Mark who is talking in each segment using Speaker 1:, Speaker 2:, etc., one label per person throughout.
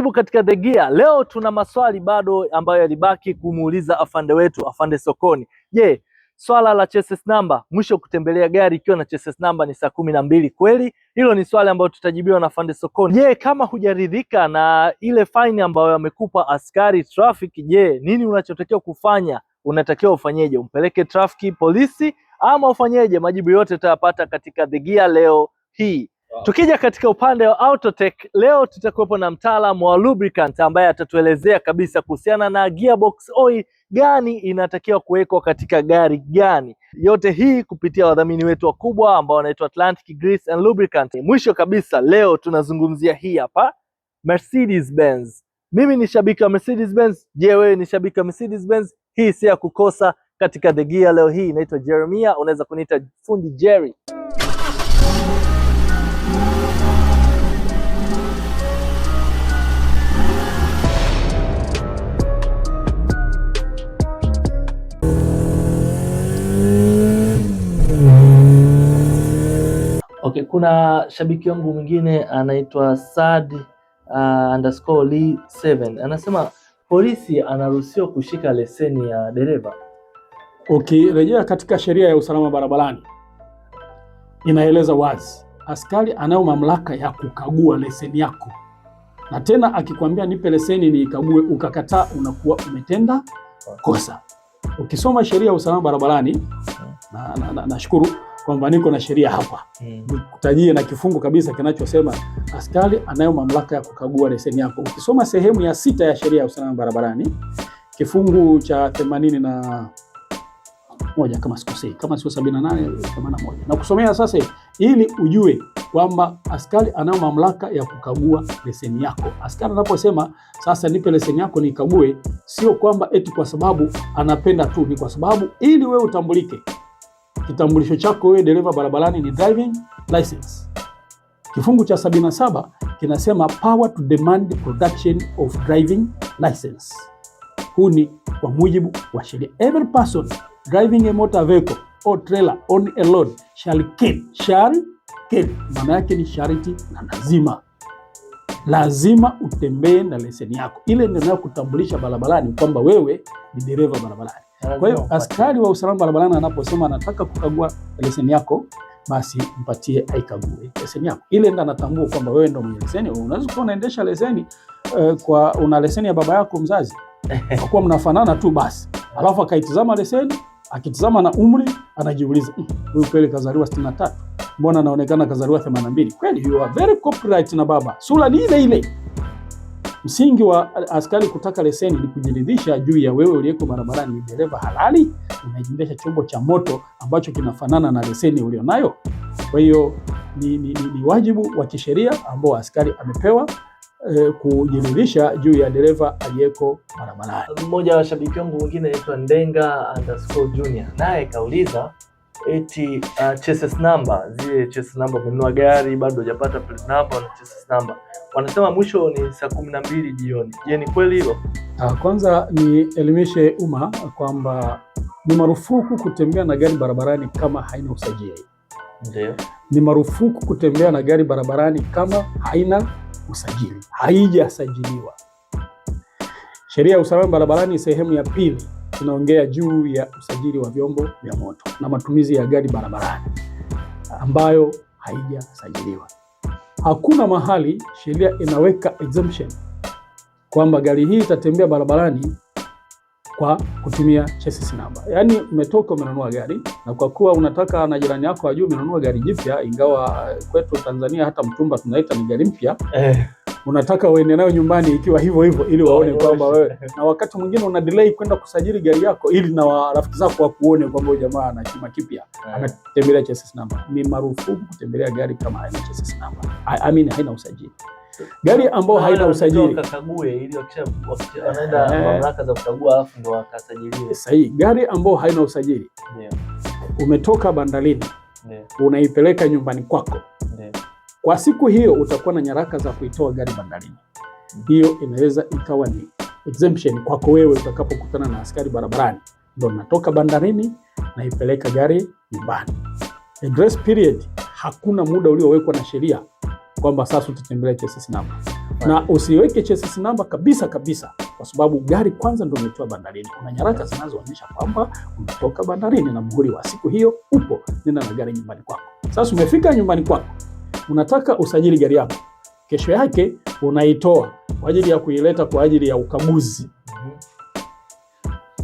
Speaker 1: Karibu katika The Gear. Leo tuna maswali bado ambayo yalibaki kumuuliza afande wetu afande Sokoni. Je, swala la chassis number, mwisho kutembelea gari ikiwa na chassis number ni saa kumi na mbili kweli? Hilo ni swali ambalo tutajibiwa na afande Sokoni. Je, kama hujaridhika na ile faini ambayo amekupa askari traffic, je, nini unachotakiwa kufanya? Unatakiwa ufanyeje? Umpeleke traffic polisi ama ufanyeje? Majibu yote utayapata katika The Gear leo hii. Tukija katika upande wa Autotech leo tutakuwepo na mtaalamu wa lubricant ambaye atatuelezea kabisa kuhusiana na gearbox oil gani inatakiwa kuwekwa katika gari gani. Yote hii kupitia wadhamini wetu wakubwa ambao wanaitwa Atlantic Grease and Lubricant. Mwisho kabisa leo tunazungumzia hii hapa Mercedes Benz. Mimi ni shabiki wa Mercedes Benz. Je, wewe ni shabiki wa Mercedes Benz? Hii si ya kukosa katika The Gear leo hii. Inaitwa Jeremia, unaweza kuniita fundi Jerry. Okay, kuna shabiki wangu mwingine anaitwa Sad uh, underscore Lee 7 anasema polisi anaruhusiwa kushika leseni ya dereva.
Speaker 2: Ukirejea okay, katika sheria ya usalama barabarani inaeleza wazi, askari anayo mamlaka ya kukagua leseni yako, na tena akikwambia nipe leseni niikague, ukakataa, unakuwa umetenda kosa. Ukisoma sheria ya usalama barabarani, nashukuru na, na, na kwamba niko na sheria hapa mm. Nikutajie na kifungu kabisa kinachosema askari anayo mamlaka ya kukagua leseni yako. Ukisoma sehemu ya sita ya sheria ya usalama barabarani kifungu cha themanini na moja kama sikosei, kama sio sabini na nane themanini na moja na kusomea sasa, ili ujue kwamba askari anayo mamlaka ya kukagua leseni yako. Askari anaposema sasa, nipe leseni yako nikague, sio kwamba eti kwa sababu anapenda tu, ni kwa sababu ili wewe utambulike. Kitambulisho chako wewe dereva barabarani ni driving license. Kifungu cha 77 kinasema power to demand production of driving license. Huu ni kwa mujibu wa sheria. Every person driving a motor vehicle or trailer on a load shall keep, shall keep. Maana yake ni sharti na lazima lazima utembee na leseni yako ile ndio inayokutambulisha barabarani kwamba wewe ni dereva barabarani. Kwa hiyo askari wa usalama barabarani anaposema anataka kukagua leseni yako, basi mpatie aikague leseni yako ile, ndo anatambua kwamba wewe ndo mwenye leseni. Unaweza kuwa unaendesha leseni uh, kwa una leseni ya baba yako mzazi kwa kuwa mnafanana tu basi, alafu akaitizama leseni, akitizama na umri anajiuliza, mm, huyu kweli kazaliwa 63 mbona anaonekana kazaliwa 82? Kweli you are very copyright na baba, sura ni ile ile. Msingi wa askari kutaka leseni ni kujiridhisha juu ya wewe uliyeko barabarani ni dereva halali, unaendesha chombo cha moto ambacho kinafanana na leseni ulionayo. Kwa hiyo ni, ni, ni, ni wajibu wa kisheria ambao askari amepewa eh, kujiridhisha juu ya dereva aliyeko barabarani.
Speaker 1: Mmoja wa washabiki wangu mwingine anaitwa Ndenga underscore junior, naye kauliza eti uh, chassis number, zile chassis number, umenunua gari bado hujapata plate number na chassis number wanasema mwisho ni saa kumi na mbili jioni. Je, ni kweli hilo?
Speaker 2: Ah, kwanza nielimishe umma kwamba ni marufuku kutembea na gari barabarani kama haina usajili. Ndio. Ni marufuku kutembea na gari barabarani kama haina usajili, haijasajiliwa. Sheria ya usalama barabarani sehemu ya pili tunaongea juu ya usajili wa vyombo vya moto na matumizi ya gari barabarani ambayo haijasajiliwa hakuna mahali sheria inaweka exemption kwamba gari hii itatembea barabarani kwa kutumia chassis namba. Yaani umetoka umenunua gari na kwa kuwa unataka na jirani yako ajue umenunua gari jipya, ingawa kwetu Tanzania hata mtumba tunaita ni gari mpya eh unataka uende nayo nyumbani ikiwa hivyo hivyo, ili waone kwamba wewe, na wakati mwingine una delay kwenda kusajili gari yako, ili na rafiki zako wakuone kwamba jamaa ana chuma kipya eh. anatembelea chassis number. Ni marufuku kutembelea gari kama haina chassis number, I mean haina usajili gari ambayo eh. haina usajili sahihi. Gari ambayo haina usajili, umetoka bandarini, Unaipeleka nyumbani kwako kwa siku hiyo utakuwa na nyaraka za kuitoa gari bandarini. Hiyo inaweza ikawa ni exemption kwako wewe utakapokutana na askari barabarani, ndo natoka bandarini naipeleka gari nyumbani. A grace period, hakuna muda uliowekwa na sheria kwamba sasa utatembelea chassis number, na usiweke chassis number kabisa kabisa, kwa sababu gari kwanza ndo umetoa bandarini. Kuna nyaraka zinazoonyesha kwamba umetoka bandarini na muhuri wa siku hiyo upo, nenda na gari nyumbani kwako. Sasa umefika nyumbani kwako unataka usajili gari yako, kesho yake unaitoa kwa ajili ya kuileta kwa ajili ya ukaguzi, mhm.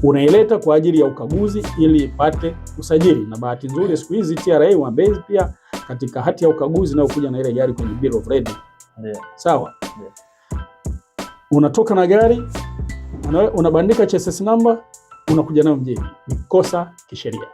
Speaker 2: unaileta kwa ajili ya ukaguzi ili ipate usajili. Na bahati nzuri siku hizi TRA wamebase pia katika hati ya ukaguzi inayokuja na ile gari kwenye bill of lading. Yeah. Sawa. Yeah. Unatoka na gari unabandika chassis number unakuja nayo mjini, kosa kisheria.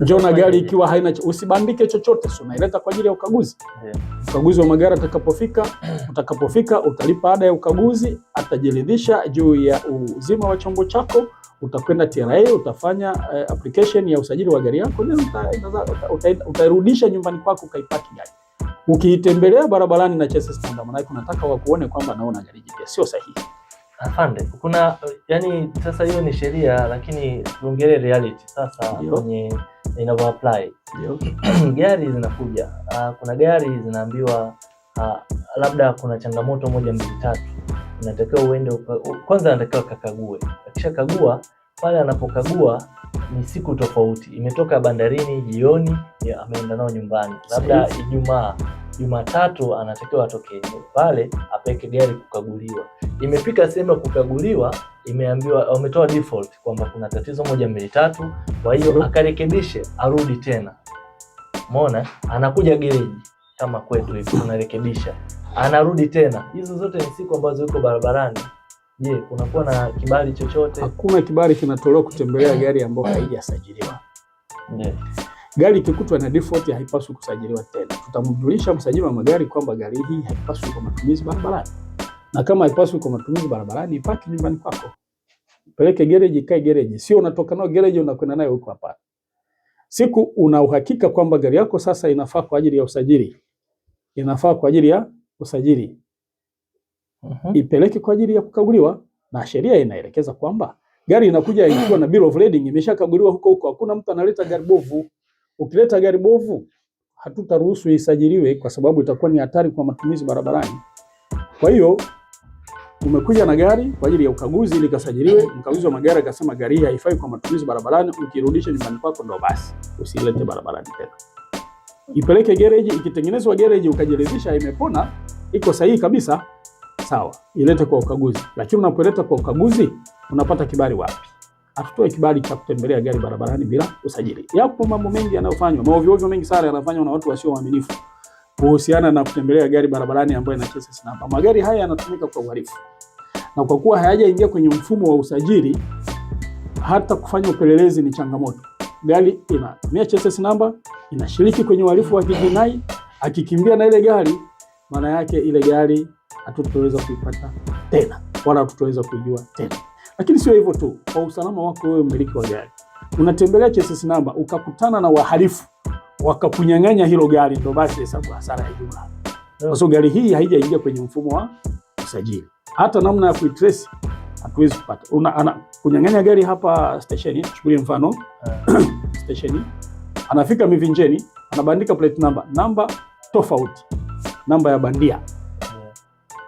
Speaker 2: Njona gari ikiwa haina, usibandike chochote, si unaileta kwa ajili ya ukaguzi yeah. Ukaguzi wa magari atakapofika, utakapofika utalipa ada ya ukaguzi, atajiridhisha juu ya uzima wa chombo chako, utakwenda TRA, utafanya uh, application ya usajili wa gari yako, utairudisha nyumbani kwako, ukaipaki gari. Ukiitembelea barabarani na chassis maana unataka wakuone kwamba naona gari jipya, sio sahihi.
Speaker 1: Afande, kuna yani, sasa hiyo ni sheria, lakini tuongelee reality sasa kwenye inavyo apply gari zinakuja. Uh, kuna gari zinaambiwa uh, labda kuna changamoto moja mbili tatu, inatakiwa uende kwanza, anatakiwa kakague. Akishakagua pale, anapokagua ni siku tofauti, imetoka bandarini jioni, ameenda nao nyumbani, labda Ijumaa Jumatatu anatakiwa atoke pale apeke gari kukaguliwa, imefika sehemu ya kukaguliwa imeambiwa wametoa default kwamba kuna tatizo moja mbili tatu, kwa hiyo mhm. akarekebishe arudi tena. Umeona, anakuja gereji kama kwetu hivi tunarekebisha, anarudi tena. Hizo zote ni siku ambazo yuko barabarani. Je, kunakuwa na kibali chochote?
Speaker 2: Hakuna kibali kinatolewa kutembelea mhm. gari ambayo haijasajiliwa. Mhm. Gari ikikutwa na default haipaswi kusajiliwa tena. Tutamjulisha msajili wa magari kwamba gari hii haipaswi kwa matumizi barabarani, na kama haipaswi kwa matumizi barabarani, ipaki nyumbani kwako peleke gereji, kae gereji, sio unatoka nao gereji unakwenda nayo huko. Hapana, siku una uhakika kwamba gari yako sasa inafaa kwa ajili ya usajili, inafaa kwa ajili ya usajili uh mhm. -huh. Ipeleke kwa ajili ya kukaguliwa, na sheria inaelekeza kwamba gari inakuja ikiwa na bill of lading imeshakaguliwa huko huko. Hakuna mtu analeta gari bovu. Ukileta gari bovu, hatutaruhusu isajiliwe, kwa sababu itakuwa ni hatari kwa matumizi barabarani. Kwa hiyo umekuja na gari kwa ajili ya ukaguzi ili kasajiliwe. Mkaguzi wa magari akasema gari hii haifai kwa matumizi barabarani, ukirudisha nyumbani kwako ndo basi, usilete barabarani tena, ipeleke gereji. Ikitengenezwa gereji ukajiridhisha imepona, iko sahihi kabisa, sawa, ilete kwa ukaguzi. Lakini unapoleta kwa ukaguzi unapata kibali wapi? Hatutoe kibali cha kutembelea gari barabarani bila usajili. Yapo mambo mengi yanayofanywa maovyo mengi sana yanafanywa na watu wasio waaminifu kuhusiana na kutembelea gari barabarani ambayo ina chassis namba. Magari haya yanatumika kwa uhalifu, na kwa kuwa hayajaingia kwenye mfumo wa usajili, hata kufanya upelelezi ni changamoto. Gari inatumia chassis namba, inashiriki kwenye uhalifu wa kijinai. Akikimbia na ile gari, maana yake ile gari hatutoweza kuipata tena, wala hatutoweza kujua tena. Lakini sio hivyo tu, kwa usalama wako wewe, mmiliki wa gari, unatembelea chassis namba ukakutana na wahalifu wakakunyang'anya hilo gari, ndo basi hesabu hasara ya jumla kwa sababu gari hii haijaingia kwenye mfumo wa usajili. Hata namna ya kuitrace hatuwezi kupata. Una ana, kunyang'anya gari hapa stesheni, chukulie mfano stesheni, anafika Mivinjeni, anabandika plate number, namba tofauti, namba ya bandia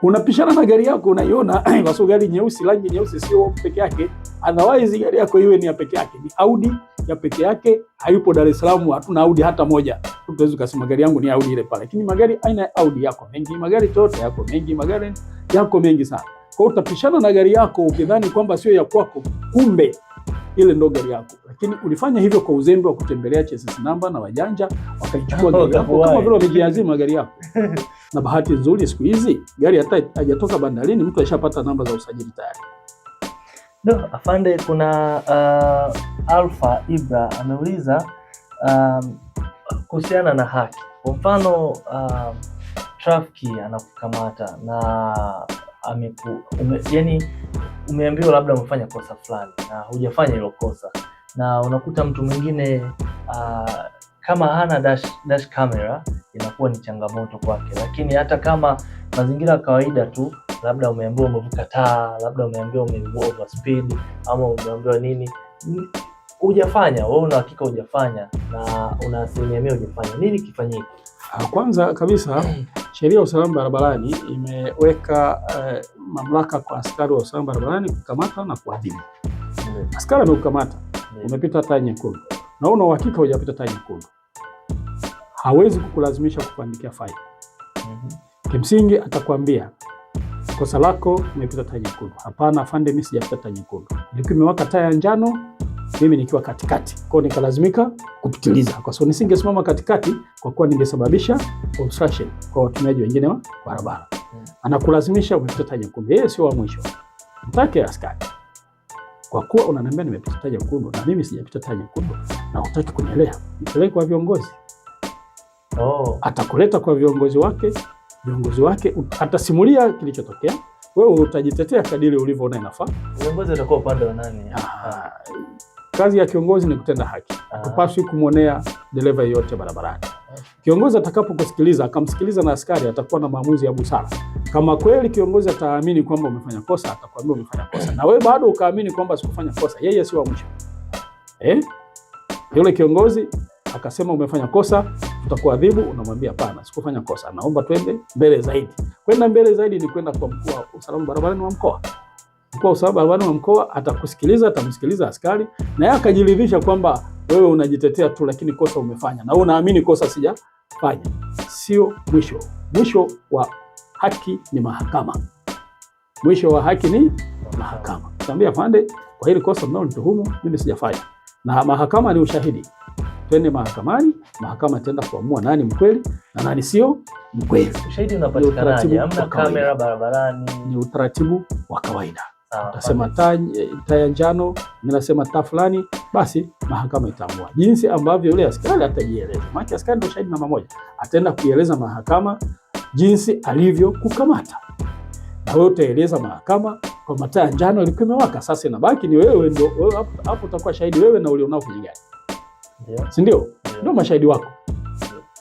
Speaker 2: unapishana na gari yako, unaiona kwa sababu gari nyeusi, rangi nyeusi sio peke yake. Otherwise gari yako iwe ni ya peke yake, ni Audi ya peke yake. Hayupo Dar es Salaam, hatuna Audi hata moja. tuwezi ukasema gari yangu ni Audi ile pale, lakini magari aina ya Audi yako mengi, magari Toyota yako mengi, magari yako mengi sana. Kwa hiyo utapishana na gari yako ukidhani kwamba sio ya kwako, kumbe ile ndo gari yako, lakini ulifanya hivyo kwa uzembe wa kutembelea chassis namba na wajanja wakaichukua oh, gari yako kama vile wamejiazima gari yako na bahati nzuri siku hizi gari hata hajatoka bandarini, mtu aishapata namba za usajili tayari.
Speaker 1: No, afande, kuna uh, Alfa Ibra ameuliza um, kuhusiana na haki. Kwa mfano um, trafiki anakukamata na ameku, ume, yani umeambiwa labda umefanya kosa fulani na hujafanya hilo kosa, na unakuta mtu mwingine uh, kama hana dash, dash camera inakuwa ni changamoto kwake, lakini hata kama mazingira ya kawaida tu, labda umeambiwa umevuka taa, labda umeambiwa umevuka speed ama umeambiwa nini, hujafanya wewe, una hakika hujafanya na una asilimia mia hujafanya, nini kifanyike?
Speaker 2: Ah, kwanza kabisa sheria ya usalama barabarani imeweka eh, mamlaka kwa askari wa usalama barabarani kukamata na kuadhibu. Askari amekukamata umepita taa nyekundu na una uhakika hujapita taa nyekundu hawezi kukulazimisha kukuandikia faini. mm -hmm. Kimsingi atakwambia kosa lako imepita taa nyekundu. Hapana afande, mimi sijapita taa nyekundu, ilikuwa imewaka taa ya njano, mimi nikiwa katikati kwao, nikalazimika kupitiliza, kwa sababu nisingesimama katikati, kwa kuwa ningesababisha obstruction kwa watumiaji wengine wa barabara. Mhm. Anakulazimisha umepita taa nyekundu, yeye sio wa mwisho. Mtake askari kwa kuwa unaniambia nimepita taa nyekundu na mimi sijapita taa nyekundu na hutaki kunielewa, nipeleke kwa viongozi oh. Atakuleta kwa viongozi wake, viongozi wake atasimulia kilichotokea, wewe utajitetea kadiri ulivyoona inafaa.
Speaker 1: Viongozi watakuwa upande wa nani? Ah,
Speaker 2: kazi ya kiongozi ni kutenda haki, hatupaswi ah. kumwonea dereva yeyote barabarani. Kiongozi atakapokusikiliza akamsikiliza na askari, atakuwa na maamuzi ya busara. Kama kweli kiongozi ataamini kwamba umefanya kosa, atakwambia umefanya kosa, na wewe bado ukaamini kwamba sikufanya kosa, yeye si wa mwisho eh? Yule kiongozi akasema umefanya kosa, tutakuadhibu. Unamwambia hapana, sikufanya kosa, naomba twende mbele zaidi. Kwenda mbele zaidi ni kwenda kwa mkuu wa usalama barabarani wa mkoa. Mkuu wa usalama barabarani wa mkoa atakusikiliza, atamsikiliza askari na yeye akajiridhisha kwamba wewe unajitetea tu, lakini kosa umefanya na wewe unaamini kosa sijafanya. Sio mwisho. Mwisho wa haki ni mahakama. Mwisho wa haki ni mahakama. Tambia pande kwa hili kosa mnao nituhumu mimi sijafanya, na mahakama ni ushahidi twende mahakamani, mahakama itaenda kuamua nani mkweli na nani sio mkweli.
Speaker 1: Ushahidi unapatikanaje? Hamna kamera barabarani,
Speaker 2: ni utaratibu wa kawaida. Utasema taya njano, ninasema taa fulani, basi mahakama itaamua jinsi ambavyo yule askari atajieleza. Maana askari ndio shahidi namba moja, ataenda kuieleza mahakama jinsi alivyokukamata, na wewe utaeleza mahakama kwamba taa njano ilikuwa imewaka, sasa inabaki ni wewe ndio hapo, utakuwa shahidi wewe na ulionao kwenye gari sindio si ndio? yeah. ndio mashahidi wako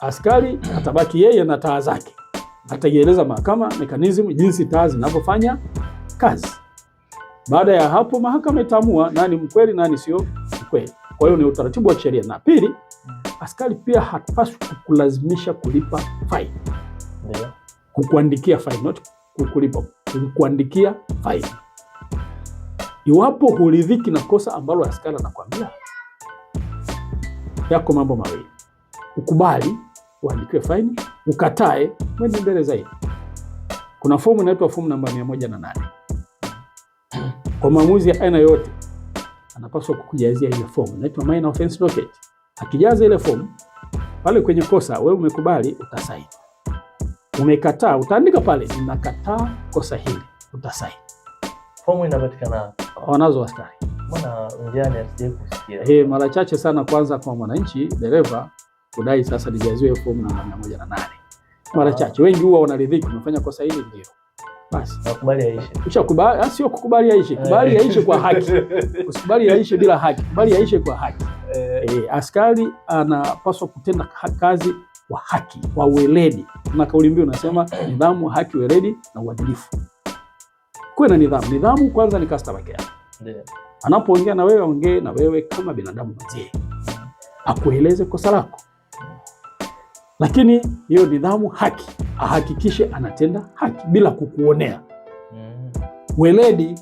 Speaker 2: Askari atabaki yeye na taa zake, ataieleza mahakama mekanizmu jinsi taa zinavyofanya kazi. Baada ya hapo, mahakama itaamua nani mkweli, nani sio mkweli. Kwa hiyo ni utaratibu wa sheria. Na pili, mm. askari pia hatupaswi kukulazimisha kulipa faini yeah. kukuandikia faini, not kukulipa, kukuandikia faini iwapo huridhiki na kosa ambalo askari anakwambia yako mambo mawili: ukubali uandikiwe faini, ukatae mwende mbele zaidi. Kuna fomu inaitwa fomu namba na nane Kwa maamuzi ya aina yoyote anapaswa kukujazia ile fomu inaitwa minor offense docket. Akijaza ile fomu pale kwenye kosa, wewe umekubali, utasaini. Umekataa, utaandika pale ninakataa kosa hili, utasaini.
Speaker 1: Fomu inapatikana
Speaker 2: wanazo wastari
Speaker 1: Mbona njiani asije kusikia.
Speaker 2: Eh, mara chache sana kwanza kwa mwananchi dereva kudai sasa nijaziwe fomu namba mia moja na nane. Mara ah. chache wengi huwa wanaridhika, umefanya kosa hili ndio. Basi
Speaker 1: nakubali yaishe.
Speaker 2: Ushakubali, ah, sio kukubali yaishe, eh. kubali yaishe kwa haki. Usikubali yaishe bila haki, kubali yaishe kwa haki. Eh, eh askari anapaswa kutenda kazi kwa haki, kwa weledi. Na kauli mbiu unasema nidhamu, haki, weledi na uadilifu. Kuwe na nidhamu. Nidhamu kwanza ni customer care. Ndio. Anapoongea na wewe, ongee na wewe kama binadamu mzee, akueleze kosa lako, lakini hiyo nidhamu, haki, ahakikishe anatenda haki bila kukuonea. Weledi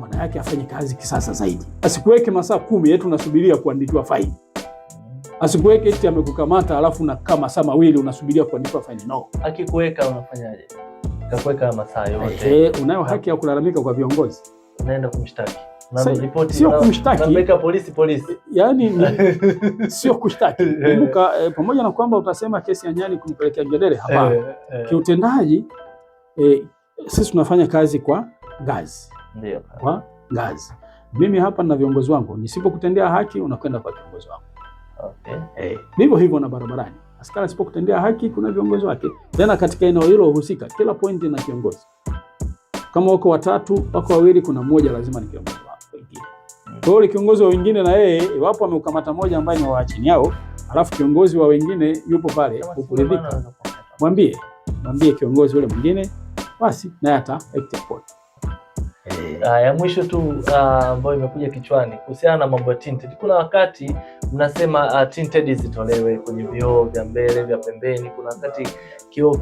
Speaker 2: maana yake afanye kazi kisasa zaidi, asikuweke masaa kumi yetu unasubiria kuandikiwa faini, asikuweke eti amekukamata alafu na kama saa mawili unasubiria kuandikiwa faini. No,
Speaker 1: akikuweka unafanyaje? Kakuweka masaa yote,
Speaker 2: unayo haki ya kulalamika kwa viongozi,
Speaker 1: unaenda kumshtaki
Speaker 2: sio kushtaki,
Speaker 1: polisi polisi,
Speaker 2: yani sio kushtaki. Kumbuka e, pamoja na kwamba utasema kesi ya nyani kumpelekea Nyerere, eh, hapana e, e. Kiutendaji e, sisi tunafanya kazi kwa ngazi, ndio kwa ngazi. Mimi hapa na viongozi wangu, nisipokutendea haki unakwenda kwa viongozi wangu
Speaker 1: okay.
Speaker 2: E, ndivyo hivyo na barabarani askari asipokutendea haki kuna viongozi wake. Tena katika eneo hilo husika, kila pointi na kiongozi. Kama wako watatu, wako wawili, kuna mmoja lazima ni kiongozi. Kwa hiyo kiongozi wa wengine na yeye iwapo ameukamata moja ambaye ni wa chini yao, alafu kiongozi wa wengine yupo pale kukuridhika, mwambie mwambie kiongozi yule mwingine, basi naye ata eh.
Speaker 1: ah, ya mwisho tu ah, ambayo imekuja kichwani kuhusiana na mambo ya tinted. Kuna wakati mnasema uh, tinted zitolewe kwenye vioo vya mbele vya pembeni, kuna wakati kioo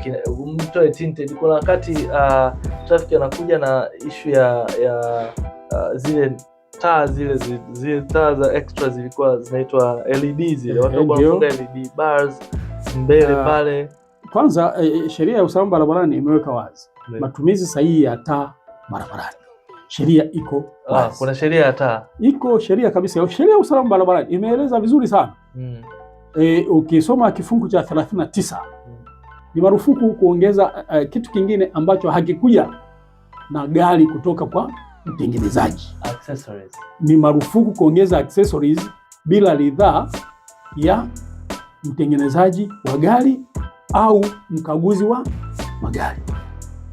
Speaker 1: mtoe tinted, kuna wakati uh, traffic anakuja na ishu ya, ya uh, zile taa zile zile taa za extra zilikuwa zinaitwa LED zile, watu wanafunga LED bars mbele ah. pale.
Speaker 2: Kwanza eh, eh, sheria ya usalama barabarani imeweka wazi matumizi sahihi ya taa barabarani. Sheria iko Ah,
Speaker 1: kuna sheria ya taa
Speaker 2: iko sheria kabisa. Sheria ya usalama barabarani imeeleza vizuri sana mm. Eh, ukisoma kifungu cha 39 mm. ni marufuku kuongeza eh, kitu kingine ambacho hakikuja na gari kutoka kwa utengenezaji. Ni marufuku kuongeza accessories bila ridhaa ya mtengenezaji wa gari au mkaguzi wa magari,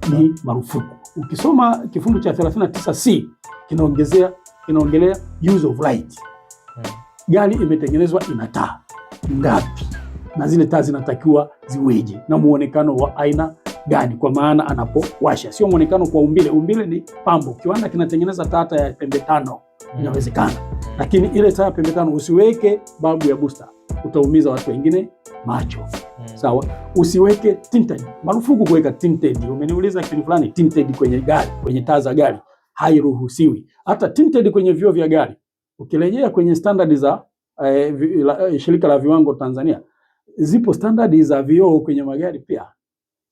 Speaker 2: ni marufuku. Ukisoma kifungu cha 39C kinaongezea kinaongelea use of right. Hmm. Gari imetengenezwa ina taa ngapi, na zile taa zinatakiwa ziweje, na muonekano wa aina gani, kwa maana anapowasha sio mwonekano kwa umbile. Umbile ni pambo, kiwanda kinatengeneza tata ya pembe tano mm. inawezekana, lakini ile tata ya pembe tano usiweke babu ya busta, utaumiza watu wengine macho. Mm. Sawa, usiweke tinted. Marufuku kuweka tinted. Umeniuliza kitu fulani, tinted kwenye gari, kwenye taa za gari hairuhusiwi, hata tinted kwenye vioo vya gari. Ukirejea kwenye standard za eh, vi, la, eh, shirika la viwango Tanzania, zipo standard za vioo kwenye magari pia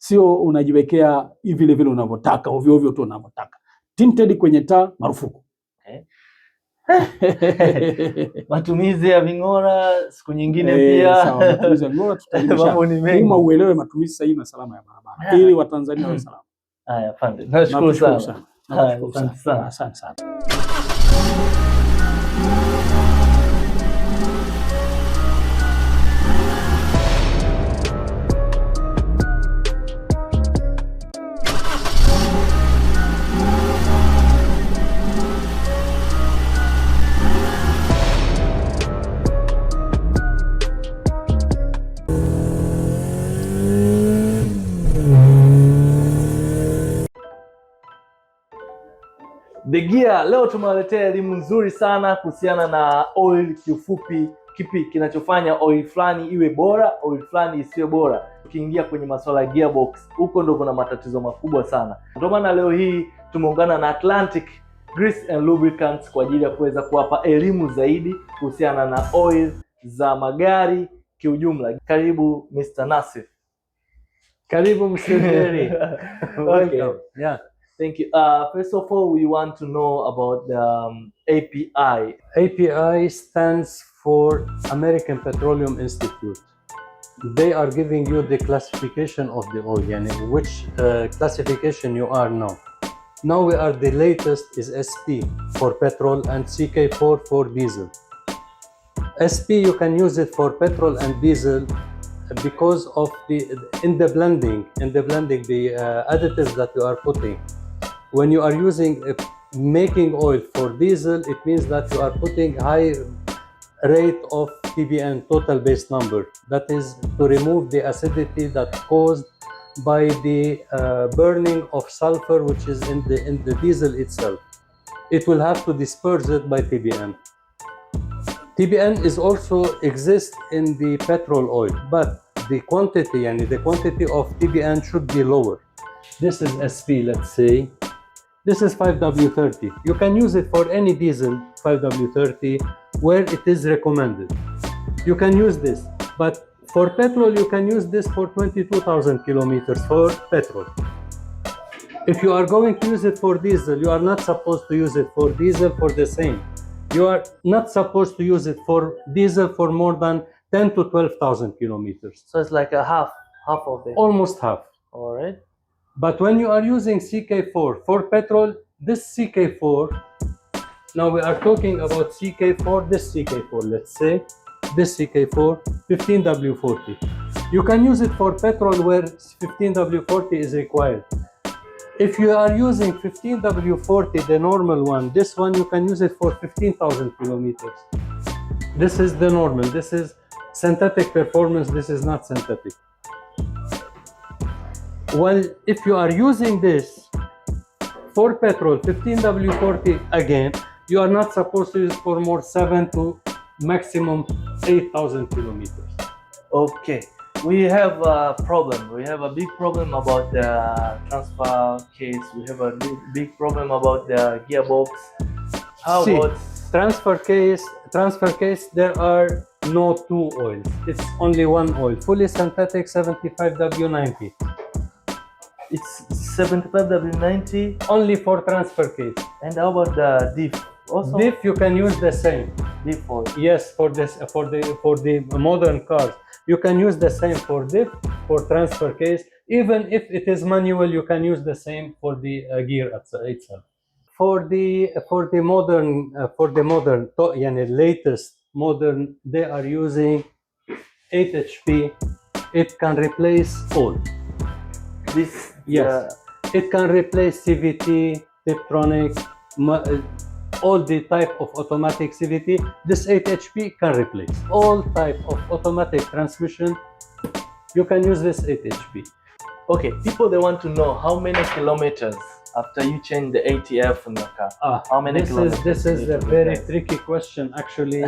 Speaker 2: sio unajiwekea hivi vile vile unavyotaka ovyo ovyo tu unavyotaka. Tinted kwenye taa marufuku. Eh.
Speaker 1: matumizi ya ving'ora siku nyingine eh, pia sawa,
Speaker 2: matumizi ya ving'ora tutajimisha, uelewe matumizi sahihi na salama ya barabara ili Watanzania wawe salama.
Speaker 1: Haya, afande.
Speaker 2: Nashukuru sana.
Speaker 1: Asante sana. Bigia, leo tumewaletea elimu nzuri sana kuhusiana na oil kiufupi, kipi kinachofanya oil fulani iwe bora, oil fulani isiwe bora. Ukiingia kwenye masuala ya gearbox, huko ndo kuna matatizo makubwa sana. Ndio maana leo hii tumeungana na Atlantic Grease and Lubricants kwa ajili ya kuweza kuwapa elimu zaidi kuhusiana na oil za magari kiujumla. Karibu Mr. Nasif. Karibu Mr. Jerry. Okay. Yeah. Thank you. Uh, first of all, we want to know about the um, API. API stands for American Petroleum Institute. They are giving you the classification of the oil, yani which uh, classification you are now. Now we are the latest is SP for petrol and CK4 for diesel. SP you can use it for petrol and diesel because of the in the blending in the blending the uh, additives that you are putting when you are using a uh, making oil for diesel, it means that you are putting high rate of TBN, total base number. That is to remove the acidity that caused by the uh, burning of sulfur, which is in the, in the diesel itself. It will have to disperse it by TBN. TBN is also exists in the petrol oil, but the quantity, and yani the quantity of TBN should be lower. This is SP, let's say, this is 5W30. You can use it for any diesel 5W30 where it is recommended. You can use this, but for petrol, you can use this for 22,000 kilometers for petrol. If you are going to use it for diesel, you are not supposed to use it for diesel for the same. You are not supposed to use it for diesel for more than 10 to 12,000 kilometers. So it's like a half, half of it. Almost half. All right. But when you are using CK4 for petrol, this CK4, now we are talking about CK4, this CK4, let's say, this CK4, 15W40. You can use it for petrol where 15W40 is required. If you are using 15W40, the normal one, this one you can use it for 15,000 kilometers. This is the normal. This is synthetic performance. This is not synthetic well if you are using this for petrol 15w40 again you are not supposed to use for more 7 to maximum 8000 kilometers okay we have a problem we have a big problem about the transfer case we have a big problem about the gearbox how See, about transfer case transfer case there are no two oils it's only one oil fully synthetic 75w90 it's 75W90. Only for transfer case. And how about the diff? Also, diff you can use the same. Diff for yes for this for the for the modern cars you can use the same for diff for transfer case. Even if it is manual, you can use the same for the uh, gear itself. For the for the modern uh, for the modern to, yani latest modern they are using 8 HP. It can replace all This Yes. It can replace CVT, Tiptronic, uh, all the type of automatic CVT. This 8HP can replace all type of automatic transmission. You can use this 8HP. Okay, people they want to know how many kilometers after you change the ATF in your car. Ah, how many this kilometers? Is, this is a very replace? tricky question actually.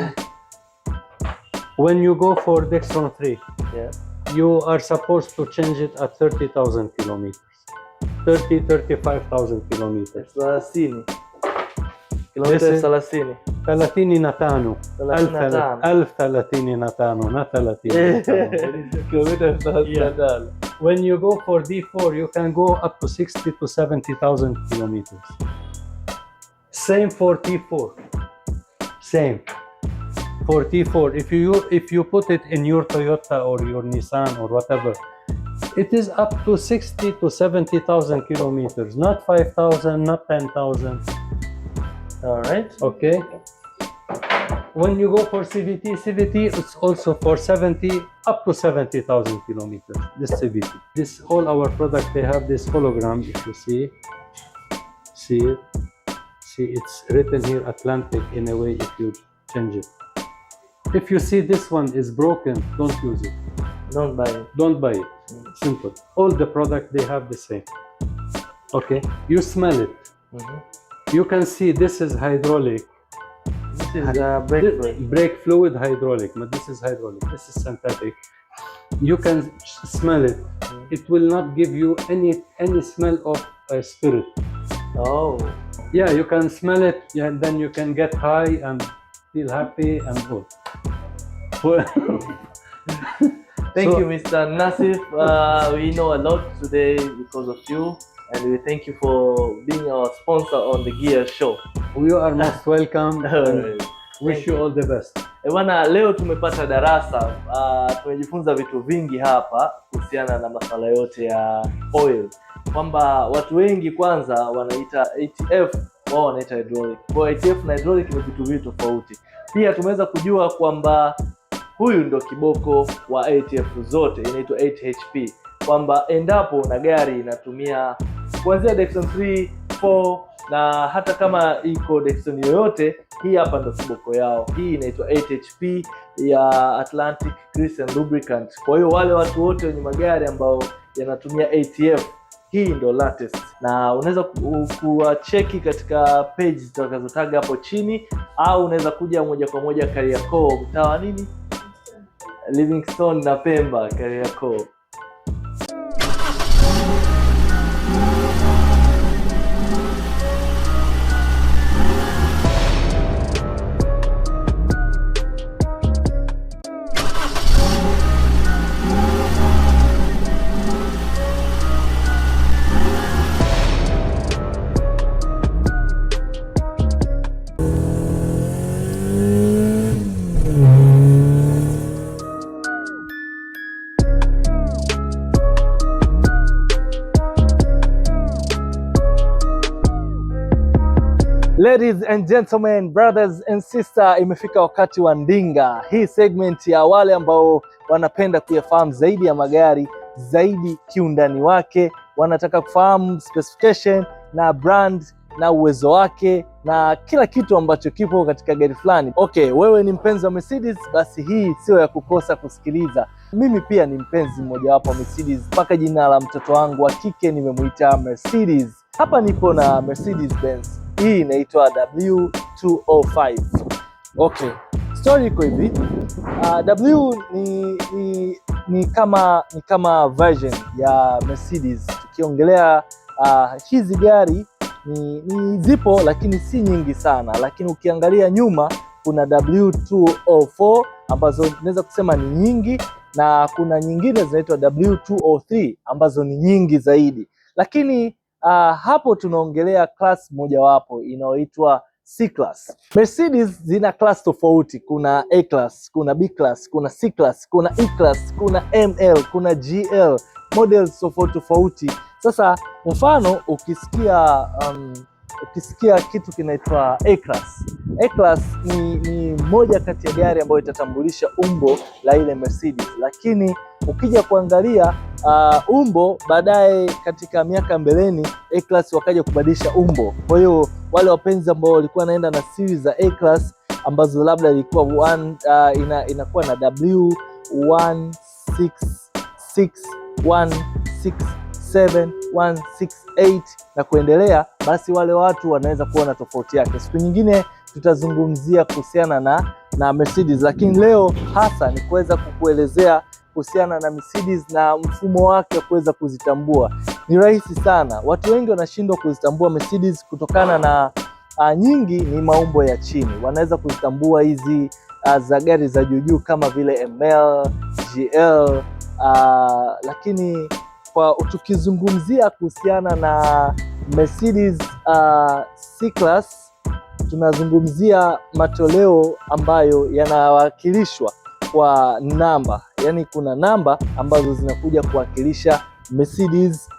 Speaker 1: when you go for Dextron 3, yeah you are supposed to change it at 30,000 kilometers. 30, 35,000 kilometers. 30 Kilometers 30 30 نتانو 1000 30 نتانو not 30 كيلومتر 30 When you go for D4 you can go up to 60 to 70,000 kilometers. Same for T4. Same. 44 if you if you put it in your toyota or your nissan or whatever it is up to 60 to 70,000 kilometers not 5,000 not 10,000 all right okay when you go for CVT CVT it's also for 70 up to 70,000 kilometers this CVT this all our product they have this hologram if you see see it see it's written here Atlantic in a way if you change it if you see this one is broken, don't use it. Don't buy it. Don't buy it. Mm. Simple. All the product they have the same. Okay. You smell it. Mm -hmm. You can see this is hydraulic. This is uh, brake fluid. Brake fluid hydraulic, but this is hydraulic. This is synthetic. You can smell it. Mm. It will not give you any any smell of uh, spirit. Oh. Yeah, you can smell it, and then you can get high and feel happy and good. thank so, you, Mr. Nasif. Uh, we know a lot today because of you, and we thank you for being our sponsor on the Gear Show. We are most welcome. and wish you all the best. Ewana, eh, leo tumepata darasa uh, tumejifunza vitu vingi hapa kuhusiana na masuala yote ya oil, kwamba watu wengi kwanza wanaita ATF wao wanaita hydraulic. Kwa ATF na hydraulic ni vitu viwili tofauti. Pia tumeweza kujua kwamba Huyu ndo kiboko wa ATF zote, inaitwa 8HP, kwamba endapo na gari inatumia kuanzia Dexon 3 4 na hata kama iko Dexon yoyote, hii hapa ndo kiboko yao. Hii inaitwa 8HP ya Atlantic Christian Lubricant. Kwa hiyo wale watu wote wenye magari ambao yanatumia ATF hii ndo latest, na unaweza kuwacheki katika page zitakazotaga hapo chini, au unaweza kuja moja kwa moja Kariakoo, mtaa wa nini Livingstone na Pemba Kariakoo. Ladies and gentlemen, brothers and sisters, imefika wakati wa ndinga. Hii segment ya wale ambao wanapenda kuyafahamu zaidi ya magari, zaidi kiundani wake, wanataka kufahamu specification na brand na uwezo wake na kila kitu ambacho kipo katika gari fulani. Okay, wewe ni mpenzi wa Mercedes, basi hii sio ya kukosa kusikiliza. Mimi pia ni mpenzi mmojawapo wa Mercedes, mpaka jina la mtoto wangu wa kike nimemuita Mercedes. Hapa nipo na Mercedes Benz hii inaitwa W205. Okay, story iko hivi uh, W ni, ni, ni kama ni kama version ya Mercedes tukiongelea uh, hizi gari ni, ni zipo lakini si nyingi sana, lakini ukiangalia nyuma kuna W204 ambazo tunaweza kusema ni nyingi na kuna nyingine zinaitwa W203 ambazo ni nyingi zaidi, lakini uh, hapo tunaongelea class mojawapo inayoitwa C class. Mercedes zina class tofauti, kuna A class, kuna B class, kuna C class, kuna E class, kuna ML, kuna GL, models tofauti tofauti. Sasa mfano ukisikia um, ukisikia kitu kinaitwa A-Class. A-Class ni, ni moja kati ya gari ambayo itatambulisha umbo la ile Mercedes, lakini ukija kuangalia uh, umbo baadaye, katika miaka mbeleni A-Class wakaja kubadilisha umbo. Kwa hiyo wale wapenzi ambao walikuwa naenda na series za A-Class ambazo labda ilikuwa uh, ina, inakuwa na W166 167 168 na kuendelea, basi wale watu wanaweza kuona tofauti yake. Siku nyingine tutazungumzia kuhusiana na, na Mercedes, lakini leo hasa ni kuweza kukuelezea kuhusiana na Mercedes na mfumo wake kuweza kuzitambua. Ni rahisi sana, watu wengi wanashindwa kuzitambua Mercedes kutokana na a, ah, nyingi ni maumbo ya chini. Wanaweza kuzitambua hizi ah, za gari za juu kama vile ML, GL a, ah, lakini kwa tukizungumzia kuhusiana na Mercedes uh, C-Class, tunazungumzia matoleo ambayo yanawakilishwa kwa namba, yaani kuna namba ambazo zinakuja kuwakilisha Mercedes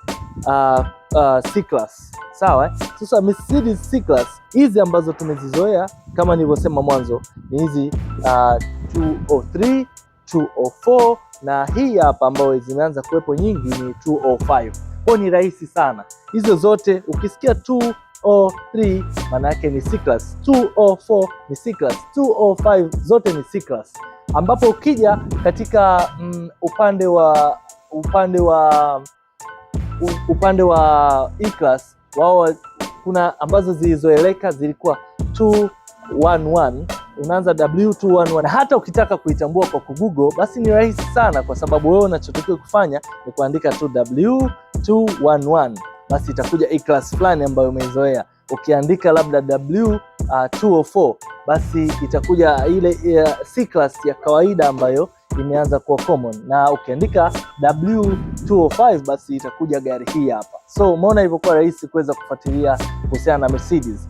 Speaker 1: uh, uh, C-Class. Sawa, eh? sasa Mercedes C-Class hizi ambazo tumezizoea kama nilivyosema mwanzo ni hizi uh, 203 204 na hii hapa ambayo zimeanza kuwepo nyingi ni 205. kwao ni rahisi sana hizo zote, ukisikia 203 maana yake ni C class, 204 ni C class, 205 zote ni C class, ambapo ukija katika mm, upande wa upande wa upande wa E class wao kuna ambazo zilizoeleka zilikuwa 211 unaanza W211 na hata ukitaka kuitambua kwa kugoogle basi ni rahisi sana, kwa sababu wewe unachotakiwa kufanya ni kuandika tu W211 basi itakuja E class fulani ambayo umeizoea. Ukiandika labda W204 uh, basi itakuja ile C class ya kawaida ambayo imeanza kuwa common, na ukiandika W205 basi itakuja gari hii hapa. So umeona ilivyokuwa rahisi kuweza kufuatilia kuhusiana na Mercedes.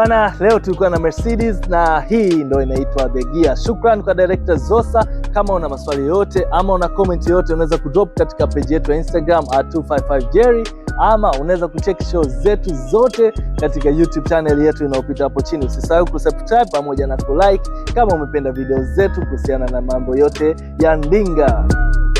Speaker 1: Bwana, leo tulikuwa na Mercedes na hii ndo inaitwa The Gear. Shukran kwa director Zosa. Kama una maswali yote ama una comment yote, unaweza kudrop katika page yetu ya Instagram at 255 Jerry, ama unaweza kucheki show zetu zote katika YouTube channel yetu inayopita hapo chini. Usisahau kusubscribe pamoja na kulike kama umependa video zetu kuhusiana na mambo yote ya ndinga.